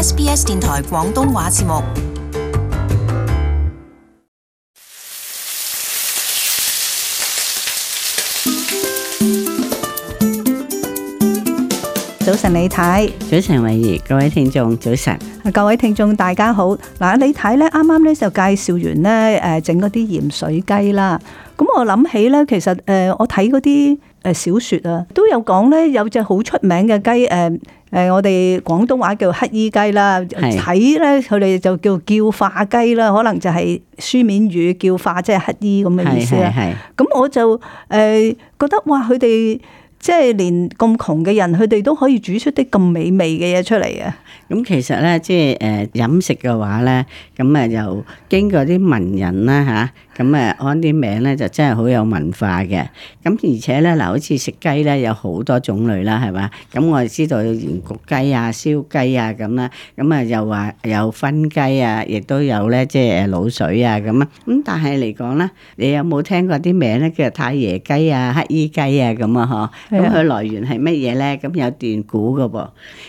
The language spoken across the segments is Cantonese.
SBS 電台廣東話節目。早晨，李太。早晨，慧怡，各位聽眾，早晨。各位聽眾，大家好。嗱，你睇咧，啱啱咧就介紹完咧，誒，整嗰啲鹽水雞啦。咁我諗起咧，其實誒，我睇嗰啲誒小說啊，都有講咧，有隻好出名嘅雞，誒誒，我哋廣東話叫乞衣雞啦。睇咧是，佢哋就叫叫化雞啦，可能就係書面語叫化，即係乞衣咁嘅意思啦。咁我就誒覺得，哇，佢哋。即係連咁窮嘅人，佢哋都可以煮出啲咁美味嘅嘢出嚟、就是、啊！咁其實咧，即係誒飲食嘅話咧，咁啊又經過啲文人啦嚇，咁啊安啲名咧就真係好有文化嘅。咁而且咧嗱，好似食雞咧有好多種類啦，係嘛？咁我哋知道有鹽焗雞啊、燒雞啊咁啦，咁啊又話有分雞啊，亦都有咧即係誒滷水啊咁啊。咁但係嚟講咧，你有冇聽過啲名咧？叫做太爺雞啊、乞衣雞啊咁啊嗬。咁佢來源係乜嘢呢？咁有段古嘅噃。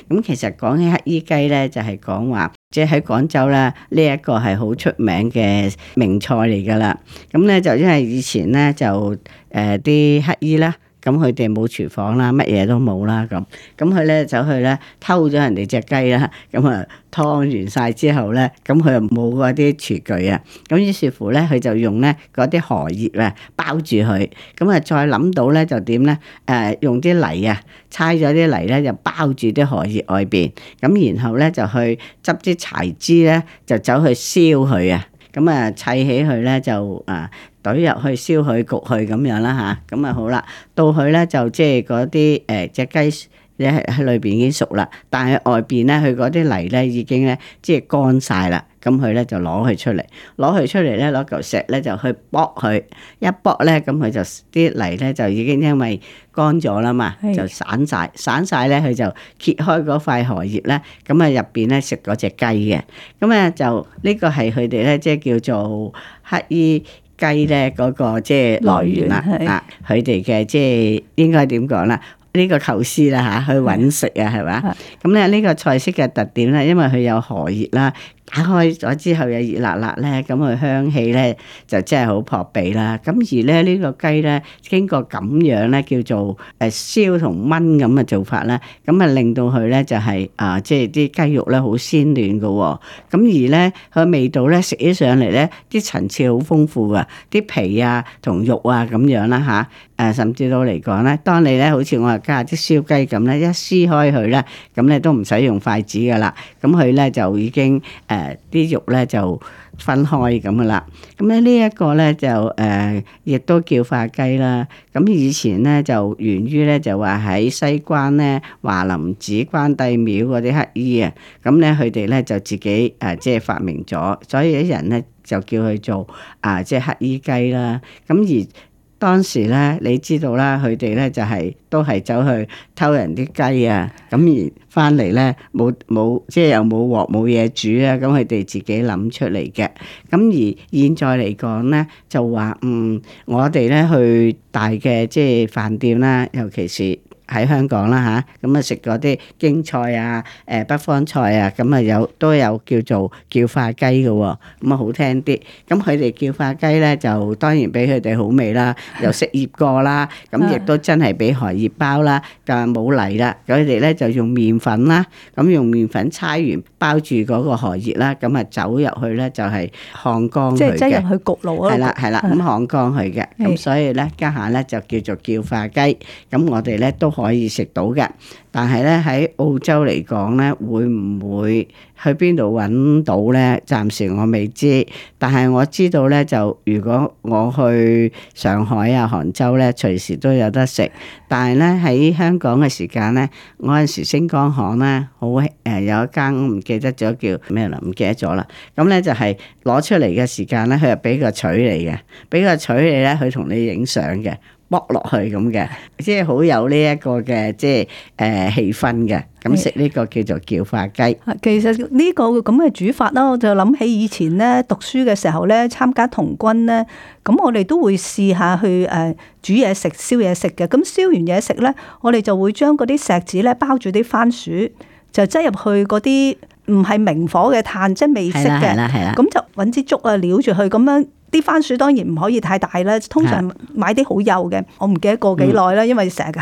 咁其實講起乞衣雞呢，就係、是、講話即係喺、就是、廣州咧，呢、這、一個係好出名嘅名菜嚟噶啦。咁咧就因為以前咧就誒啲乞衣啦。咁佢哋冇廚房啦，乜嘢都冇啦咁。咁佢咧走去咧偷咗人哋隻雞啦。咁啊劏完晒之後咧，咁佢又冇嗰啲廚具啊。咁於是乎咧，佢就用咧嗰啲荷葉啊包住佢。咁啊再諗到咧就點咧？誒、呃、用啲泥啊，搓咗啲泥咧就包住啲荷葉外邊。咁然後咧就去執啲柴枝咧，就走去燒佢啊。咁、嗯、啊砌起佢咧就啊～、呃懟入去燒佢焗佢咁樣啦吓，咁啊好啦，到佢咧就即係嗰啲誒隻雞咧喺裏邊已經熟啦，但係外邊咧佢嗰啲泥咧已經咧即係乾晒啦，咁佢咧就攞佢出嚟，攞佢出嚟咧攞嚿石咧就去剝佢，一剝咧咁佢就啲泥咧就已經因為乾咗啦嘛，是就散晒。散晒咧佢就揭開嗰塊荷葉咧，咁啊入邊咧食嗰隻雞嘅，咁啊就個呢個係佢哋咧即係叫做乞衣。雞咧嗰個即係來源啦，啊佢哋嘅即係應該點講啦？呢、呢個構思啦吓，去揾食啊係嘛？咁咧呢個菜式嘅特點咧，因為佢有荷葉啦。打開咗之後又熱辣辣咧，咁佢香氣咧就真係好撲鼻啦。咁而咧呢、這個雞咧經過咁樣咧叫做誒燒同燜咁嘅做法啦，咁啊令到佢咧就係啊即係啲雞肉咧好鮮嫩噶喎、哦。咁而咧佢味道咧食起上嚟咧啲層次好豐富噶，啲皮啊同肉啊咁樣啦吓，誒、啊啊、甚至到嚟講咧，當你咧好似我話加啲燒雞咁咧，一撕開佢咧，咁咧都唔使用，用筷子噶啦，咁佢咧就已經誒。呃嗯嗯嗯嗯嗯嗯嗯誒，啲肉咧就分開咁噶啦，咁咧呢一個咧就誒、呃，亦都叫化雞啦。咁以前咧就源於咧就話喺西關咧華林寺關帝廟嗰啲乞兒啊，咁咧佢哋咧就自己誒、呃、即係發明咗，所以啲人咧就叫佢做啊、呃、即係乞兒雞啦。咁而當時咧，你知道啦，佢哋咧就係都係走去偷人啲雞啊，咁而翻嚟咧冇冇即係又冇鑊，冇嘢煮啊，咁佢哋自己諗出嚟嘅。咁而現在嚟講咧，就話嗯，我哋咧去大嘅即係飯店啦，尤其是，喺香港啦吓，咁啊食嗰啲京菜啊、誒北方菜啊，咁啊有都有叫做叫化雞嘅，咁啊好聽啲。咁佢哋叫化雞咧，就當然比佢哋好味啦，又食葉過啦，咁亦都真係比荷葉包啦，就冇泥啦。佢哋咧就用麵粉啦，咁用麵粉搓完包住嗰個荷葉啦，咁啊走入去咧就係烘乾佢嘅。即係走入去焗爐啊？係啦係啦，咁烘乾去嘅，咁所以咧家下咧就叫做叫化雞，咁我哋咧都可以食到嘅。但係咧喺澳洲嚟講咧，會唔會去邊度揾到呢？暫時我未知。但係我知道呢，就如果我去上海啊、杭州呢，隨時都有得食。但係呢，喺香港嘅時間呢，我嗰陣時星光行呢，好誒、呃、有一間唔記得咗叫咩啦，唔記得咗啦。咁呢，就係、是、攞出嚟嘅時間呢，佢又俾個取你嘅，俾個取你呢，佢同你影相嘅，剝落去咁嘅，即係好有呢一個嘅，即係誒。呃氣氛嘅，咁食呢個叫做叫化雞。其實呢個咁嘅煮法啦，我就諗起以前咧讀書嘅時候咧，參加童軍咧，咁我哋都會試下去誒煮嘢食、燒嘢食嘅。咁燒完嘢食咧，我哋就會將嗰啲錫紙咧包住啲番薯，就擠入去嗰啲唔係明火嘅炭，即係未熄嘅。係啦係啦係啦。咁就揾支竹啊撩住去，咁樣啲番薯當然唔可以太大啦。通常買啲好幼嘅，我唔記得過幾耐啦，的因為成日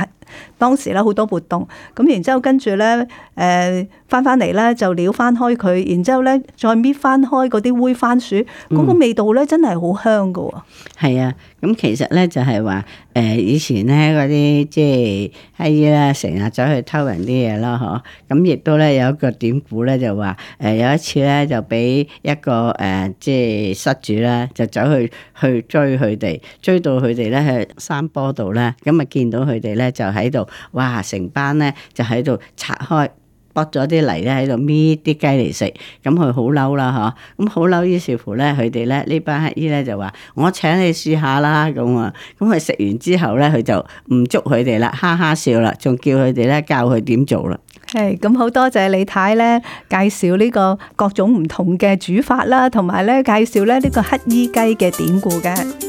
當時咧好多活動，咁然之後跟住咧，誒。翻翻嚟咧，就撩翻開佢，然之後咧再搣翻開嗰啲煨番薯，嗰、嗯、個味道咧真係好香噶喎！係啊，咁其實咧就係話誒以前咧嗰啲即係蝦衣啦，成日走去偷人啲嘢咯，嗬！咁亦都咧有一個典故咧，就話誒有一次咧就俾一個誒即係失主啦，就走去去追佢哋，追到佢哋咧喺山坡度咧，咁啊見到佢哋咧就喺度，哇！成班咧就喺度拆開。撥咗啲泥咧喺度搣啲雞嚟食，咁佢好嬲啦，嗬，咁好嬲，於是乎咧，佢哋咧呢班乞衣咧就話：我請你試下啦。咁啊，咁佢食完之後咧，佢就唔捉佢哋啦，哈哈笑啦，仲叫佢哋咧教佢點做啦。係，咁好多謝李太咧介紹呢個各種唔同嘅煮法啦，同埋咧介紹咧呢個乞衣雞嘅典故嘅。